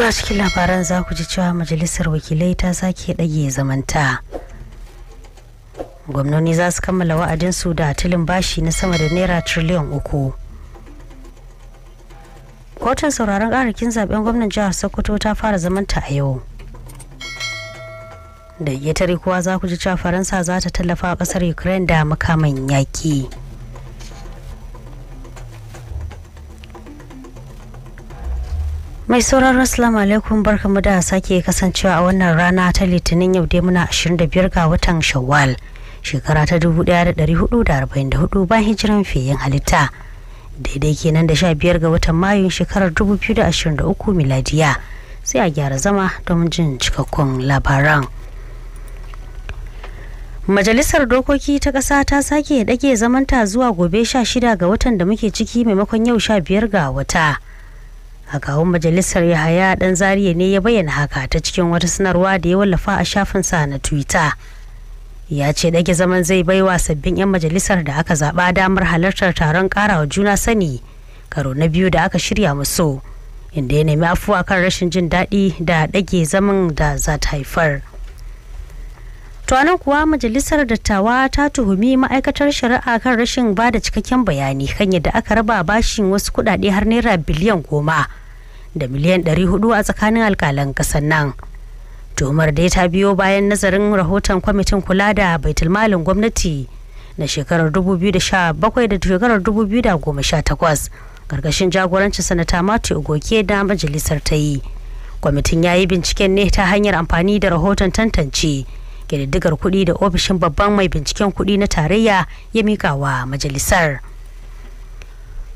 to a cikin labaran za ku ji cewa majalisar wakilai ta sake ɗage zamanta gwamnoni za su kammala wa'adinsu da tilin bashi na sama da naira triliyan uku kotun sauraron ƙarakin zaɓen gwamnan jihar sokoto ta fara zamanta a yau da iya tare kuwa za ku ji cewa faransa za ta tallafa ƙasar ukraine da makaman yaƙi. mai sauraron assalamu alaikum barkamu da sake kasancewa a wannan rana ta litinin yau dai muna 25 ga watan shawwal shekara ta 1444 bayan hijiran fiyin halitta daidai kenan da 15 ga watan mayu shekarar 2023 miladiya sai a gyara zama don jin cikakkun labaran Majalisar Dokoki ta ƙasa ta sake ɗage zamanta zuwa gobe 16 ga watan da muke ciki maimakon yau 15 ga wata. a kawun majalisar yahaya dan zariya ne ya bayyana haka ta cikin wata sanarwa da ya wallafa a shafin sa na twitter ya ce dage zaman zai baiwa sabbin 'yan majalisar da aka zaɓa damar halartar taron karawa juna sani karo na biyu da aka shirya musu inda ya nemi afuwa kan rashin jin daɗi da dage zaman da za ta haifar tuwanan kuwa majalisar dattawa ta tuhumi ma'aikatar shari'a kan rashin bada cikakken bayani kan yadda aka raba bashin wasu kuɗaɗe har naira biliyan goma da miliyan 400 a tsakanin alkalan kasar nan tuhumar dai ta biyo bayan nazarin rahoton kwamitin kula da baitulmalin gwamnati na shekarar 2017 da shekarar 2018 karkashin jagorancin sanata mati ogoke da majalisar ta yi kwamitin ya yi binciken ne ta hanyar amfani da rahoton tantance ƙididdigar kuɗi da ofishin babban mai binciken kuɗi na tarayya ya mika majalisar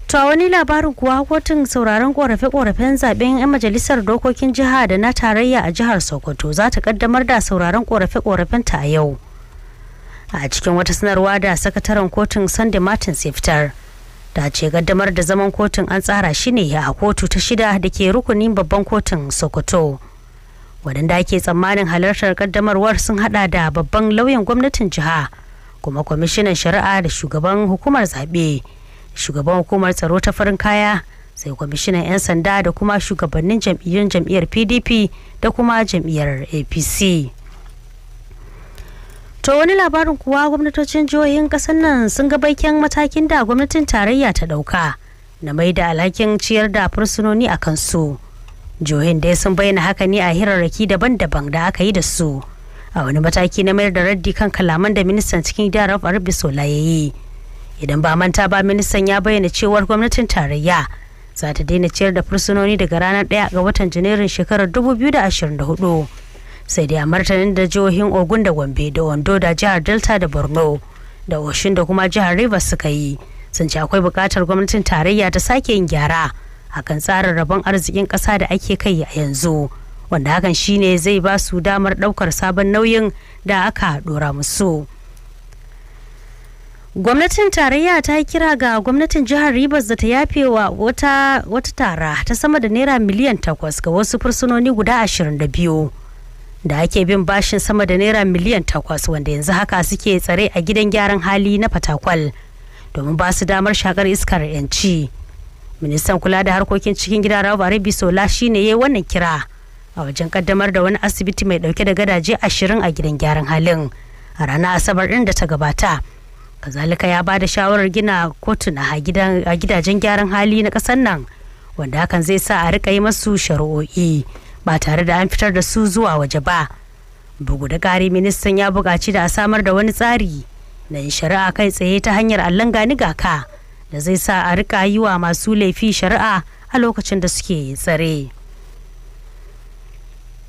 To a wani labarin kuwa kotun sauraron korafe-korafen zaben 'yan majalisar dokokin jiha da na tarayya a jihar Sokoto za ta kaddamar da sauraron korafe-korafen ta a yau. A cikin wata sanarwa da sakataren kotun Sunday Martins ya fitar. Da ce kaddamar da zaman kotun an tsara shi ne a kotu ta shida da ke rukunin babban kotun Sokoto. wadanda ke tsammanin halartar kaddamarwar sun hada da babban lauyan gwamnatin jiha kuma kwamishinan shari'a da shugaban hukumar zaɓe. shugaban hukumar tsaro ta farin kaya sai kwamishinan 'yan sanda da kuma shugabannin jam'iyyun jam'iyyar pdp da kuma jam'iyyar apc to wani labarin kuwa gwamnatocin jihohin kasar nan sun ga baiken matakin da gwamnatin tarayya ta dauka na mai da alhakin ciyar da fursunoni a kansu jihohin dai sun bayyana haka ne a hirarraki daban-daban da aka yi da su a wani mataki na mayar da raddi kan kalaman da ministan cikin gida rafa arbi sola ya yi idan ba manta ba ministan ya bayyana cewar gwamnatin tarayya za ta daina ciyar da fursunoni daga ranar 1 ga watan janairun shekarar 2024 sai dai a martanin da jihohin ogun da gombe da wando da jihar delta da borno da oshin da kuma jihar rivers suka yi sun ce akwai bukatar gwamnatin tarayya ta sake yin gyara akan tsarin rabon arzikin ƙasa da ake kai a yanzu wanda hakan shine zai ba su damar ɗaukar sabon nauyin da aka dora musu. gwamnatin tarayya ta yi kira ga gwamnatin jihar rivers da ta yafe wa wata, tara ta sama da naira miliyan takwas ga wasu fursunoni guda ashirin da biyu da ake bin bashin sama da naira miliyan takwas wanda yanzu haka suke tsare a gidan gyaran hali na fatakwal domin ba su damar shakar iskar yanci ministan kula da harkokin cikin gida rabu sola shine ya yi wannan kira a wajen kaddamar da wani asibiti mai dauke da gadaje ashirin a gidan gyaran halin a ranar asabar ɗin da ta gabata kazalika ya ba da shawarar gina kotuna a gidajen gyaran hali na ƙasar nan wanda hakan zai sa a rika yi masu shari'o'i ba tare da an fitar da su zuwa waje ba bugu da ƙari ministan ya buƙaci da a samar da wani tsari na shari'a kai tsaye ta hanyar allon gani gaka da zai sa a rika yi wa masu laifi shari'a a lokacin da suke tsare.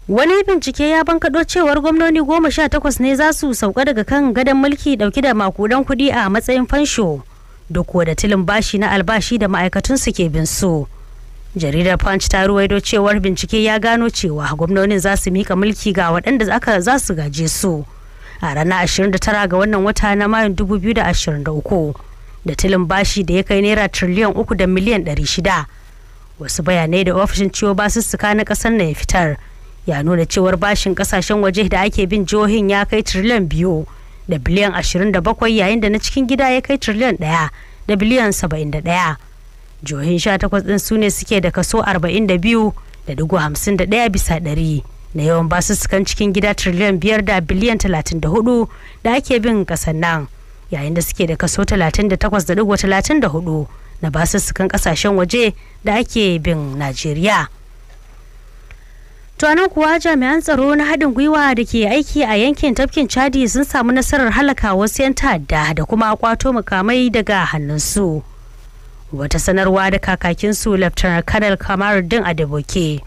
Wani bincike ya bankaɗo cewar gwamnoni goma sha takwas ne za su sauka daga kan gadon mulki ɗauki da makudan kuɗi a matsayin fansho duk da tilin bashi na albashi da ma'aikatun ke bin su. Jaridar Punch ta ruwaido cewar bincike ya gano cewa gwamnonin za su mika mulki ga waɗanda aka za su gaje su a ranar 29 ga wannan wata na Mayun 2023 da tilin bashi da ya kai naira triliyan uku da miliyan 600. Wasu bayanai da ofishin ciwo basussuka na ƙasar na ya fitar. ya nuna cewar bashin kasashen waje da ake bin jihohin ya kai triliyan biyu da biliyan 27 yayin da na cikin gida ya kai triliyan daya da biliyan 71 jihohin 18 din su ne suke da kaso 42 da dugu 51 bisa ɗari na yawan basussukan cikin gida triliyan biyar da biliyan 34 da ake bin kasan nan yayin da suke da kaso da hudu na basussukan kasashen waje da ake bin najeriya To kuwa jami'an tsaro na haɗin gwiwa da ke aiki a yankin tafkin Chadi sun samu nasarar halaka wasu 'yan ta'adda da kuma kwato mukamai daga hannunsu. Wata sanarwa da kakakinsu Laftanar Kanal Kamar din Adeboke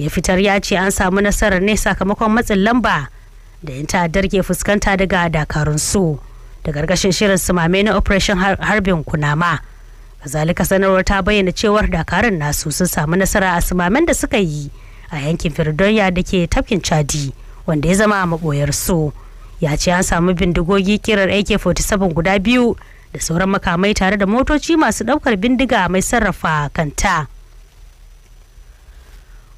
ya fitar ya ce an samu nasarar ne sakamakon matsin lamba da 'yan ta'addar ke fuskanta daga dakarunsu da gargashin shirin sumame na Operation Harbin Kunama. Kazalika sanarwar ta bayyana cewar dakarun nasu sun samu nasara a sumamen da suka yi. a yankin firdoya da ke tafkin chadi wanda ya zama a maboyar su ya ce an samu bindigogi kirar ak-47 guda biyu da sauran makamai tare da motoci masu daukar bindiga mai sarrafa kanta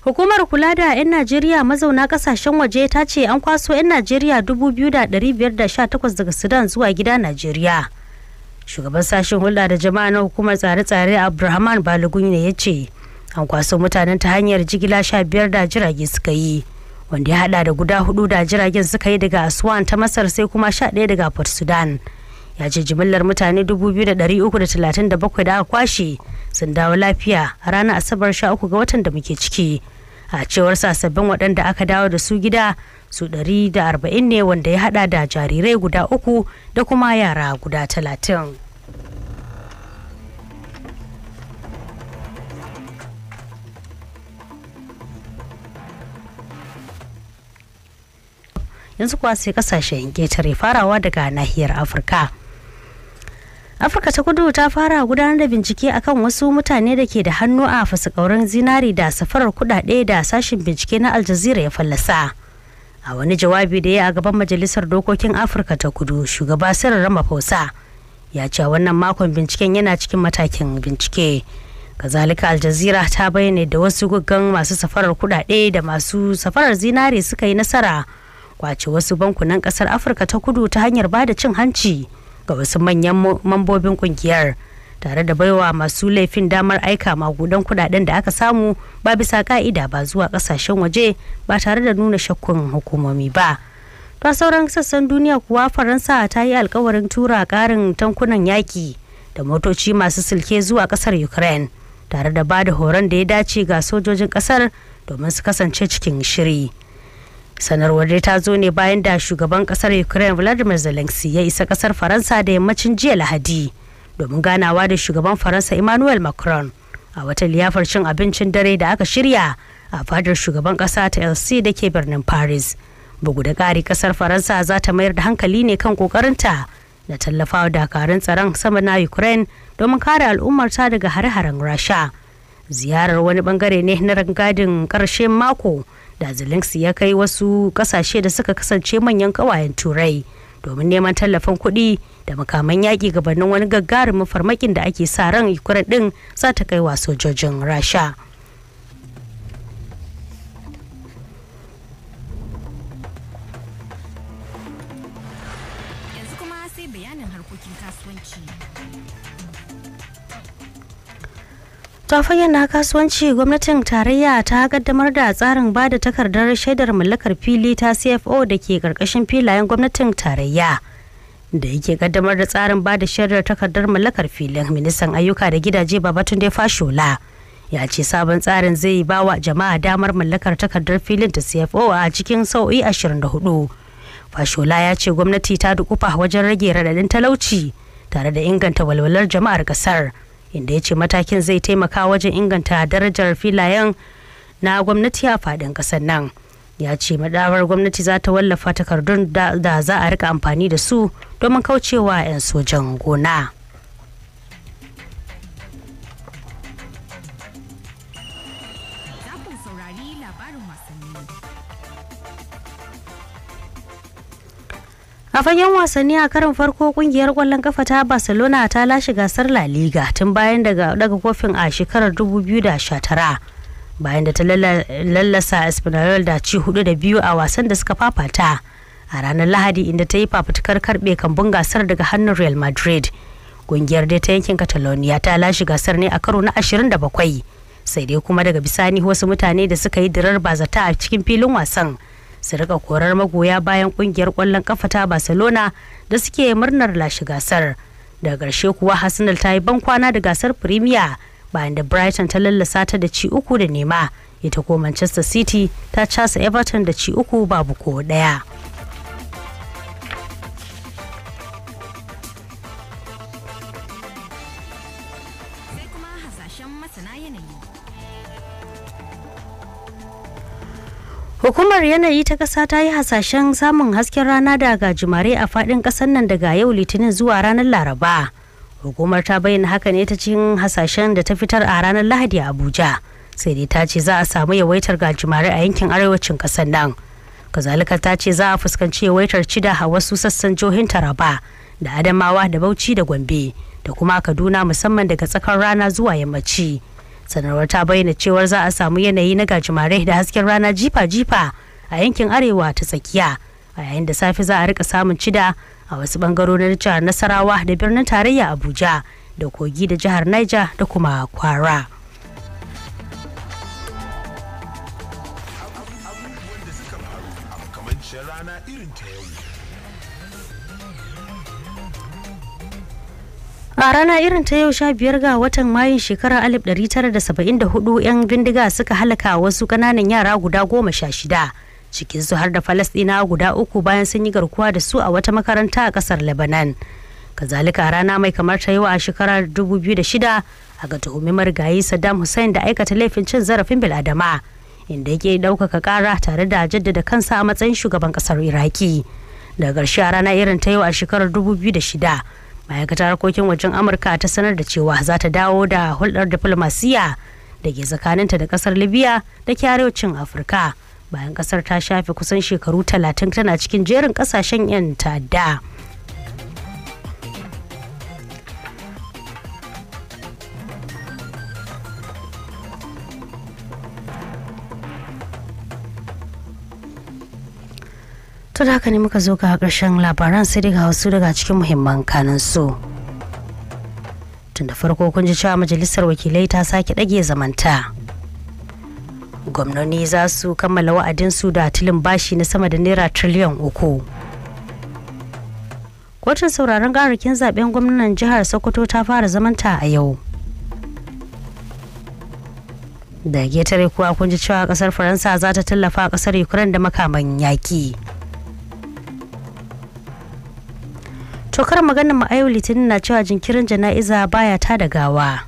hukumar kula da 'yan najeriya mazauna kasashen waje ta ce an kwaso 'yan najeriya 2,518 daga sudan zuwa gida najeriya shugaban sashen hulɗa da jama'a na hukumar tsare-tsare abdulrahman balogun ne ya ce an kwaso mutanen ta hanyar jigila sha biyar da jirage suka yi wanda ya hada da guda hudu da jiragen suka yi daga aswan ta masar sai kuma sha ɗaya daga port sudan ya ce jimillar mutane 2,337 da aka kwashe sun dawo lafiya a ranar asabar sha uku ga watan da muke ciki a cewar sababbin waɗanda aka dawo da su gida su 140 ne wanda ya hada da jarirai guda uku da kuma yara guda talatin. yanzu kuwa sai kasashen ƙetare farawa daga nahiyar afirka afirka ta kudu ta fara gudanar da bincike akan wasu mutane da ke da hannu a fasikaurin zinari da safarar kudade da sashen bincike na aljazira ya fallasa a wani jawabi da ya a gaban majalisar dokokin afirka ta kudu shugaba sirrin ramaphosa ya ce wannan makon binciken yana cikin matakin bincike kazalika aljazira ta bayyana da wasu guggan masu safarar kudade da masu safarar zinari suka yi nasara kwace wasu bankunan kasar afirka ta kudu ta hanyar bada cin hanci ga wasu manyan mambobin kungiyar tare da baiwa masu laifin damar aika magudan kudaden da aka samu ba bisa ka'ida ba zuwa kasashen waje ba tare da nuna shakkun hukumomi ba ta sauran sassan duniya kuwa faransa ta yi alkawarin tura karin tankunan yaki da motoci masu silke zuwa kasar ukraine tare da ba da horon da ya dace ga sojojin kasar domin su kasance cikin shiri. sanarwar dai ta zo ne bayan da shugaban kasar ukraine vladimir zelensky ya isa kasar faransa da yammacin jiya lahadi domin ganawa da shugaban faransa emmanuel macron a wata liyafar cin abincin dare da aka shirya a fadar shugaban kasa ta lc da ke birnin paris bugu da ƙari kasar faransa za ta mayar da hankali ne kan kokarinta da tallafawa dakarun tsaron sama na ukraine domin kare al'ummarta daga hare-haren rasha ziyarar wani bangare ne na rangadin karshen mako da zelensky ya kai wasu kasashe da suka kasance manyan kawayen turai domin neman tallafin kuɗi da makaman yaƙi gabanin wani gagarumin farmakin da ake sa ran ukraine din za ta kai wa sojojin rasha ta fayyana kasuwanci gwamnatin tarayya ta kaddamar da tsarin ba da takardar shaidar mallakar fili ta cfo da ke karkashin filayen gwamnatin tarayya da yake kaddamar da tsarin ba da shaidar takardar mallakar filin ministan ayyuka da gidaje babatunde fashola ya ce sabon tsarin zai ba wa jama'a damar mallakar takardar filin ta cfo a cikin sau'i hudu fashola ya ce gwamnati ta dukufa wajen rage radadin talauci tare da inganta walwalar jama'ar ƙasar. inda ya ce matakin zai taimaka wajen inganta darajar filayen na gwamnati a fadin ƙasar nan ya ce madawar gwamnati za ta wallafa takardun da za a rika amfani da su domin kaucewa 'yan sojan gona. A fagen wasanni a karin farko kungiyar kwallon kafa ta Barcelona ta lashe gasar La Liga tun bayan daga daga kofin a shekarar 2019. Bayan da ta lallasa Espanyol da ci hudu da biyu a wasan da suka fafata a ranar Lahadi inda ta yi fafutukar karbe kambun gasar daga hannun Real Madrid. Kungiyar dai ta yankin Catalonia ta lashe gasar ne a karo na 27. sai dai kuma daga bisani wasu mutane da suka yi dirar bazata a cikin filin wasan su rika korar magoya bayan kungiyar kwallon kafa ta barcelona da suke murnar lashe gasar da ƙarshe kuwa arsenal ta yi ban kwana da gasar premier bayan da brighton ta lallasa ta da ci uku da nema ita ko manchester city ta casa everton da ci uku babu ko daya masana yanayi Hukumar yanayi ta ƙasa ta yi hasashen samun hasken rana da gajimare a faɗin ƙasar nan daga yau litinin zuwa ranar Laraba. Hukumar ta bayyana haka ne ta cikin hasashen da ta fitar a ranar Lahadi a Abuja. Sai dai ta ce za a samu yawaitar gajimare a yankin arewacin ƙasar nan. Kazalika ta ce za a fuskanci yawaitar cida a wasu sassan jihohin Taraba da Adamawa da Bauchi da Gombe da kuma Kaduna musamman daga tsakar rana zuwa yammaci. sanarwar ta bayyana cewar za a samu yanayi na gajimare da hasken rana jifa-jifa a yankin arewa ta tsakiya a yayin da safe za a rika samun cida a wasu bangarorin jihar nasarawa da birnin tarayya abuja da kogi da jihar niger da kuma kwara a rana irin ta yau sha biyar ga watan mayun shekarar 1974 'yan bindiga suka halaka wasu kananan yara guda goma sha shida cikin su har da falasɗina guda uku bayan sun yi garkuwa da su a wata makaranta a kasar lebanon kazalika rana mai kamar ta yau a shekarar 2006 ga tuhumi marigayi saddam hussein da aikata laifin cin zarafin biladama inda yake ɗaukaka ƙara tare da jaddada kansa a matsayin shugaban ƙasar iraki daga ƙarshe a rana irin ta yau a shekarar 2006 ma'aikatar harkokin wajen amurka ta sanar da cewa za ta dawo da hulɗar diflomasiyya da ke tsakaninta da kasar libya da ke afirka bayan kasar ta shafe kusan shekaru talatin tana cikin jerin ƙasashen 'yan ta'adda. to da haka ne muka zo ga ƙarshen labaran sai daga wasu daga cikin muhimman kanin su tun da farko kun ji cewa majalisar wakilai ta sake ɗage zamanta gwamnoni za su kammala wa'adinsu da tilin bashi na sama da naira triliyan uku kotun sauraron garakin zaben gwamnan jihar sokoto ta fara zamanta a yau da getare kuwa kun ji cewa kasar faransa za ta tallafa kasar ukraine da makaman yaki kar maganar mu ayo litinin na cewa jinkirin jana'iza baya ta da gawa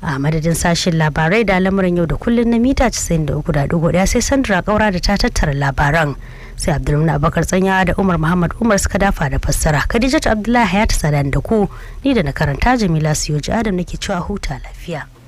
a madadin sashen labarai da lamarin yau da kullun na mita 93.1 sai sandra kaura da ta tattara labaran sai abdulmuna abakar tsanya da umar muhammad umar suka dafa da fassara khadijatu abdullahi hayat sadan da ku ni da na karanta jamila siyoji adam nake cewa huta lafiya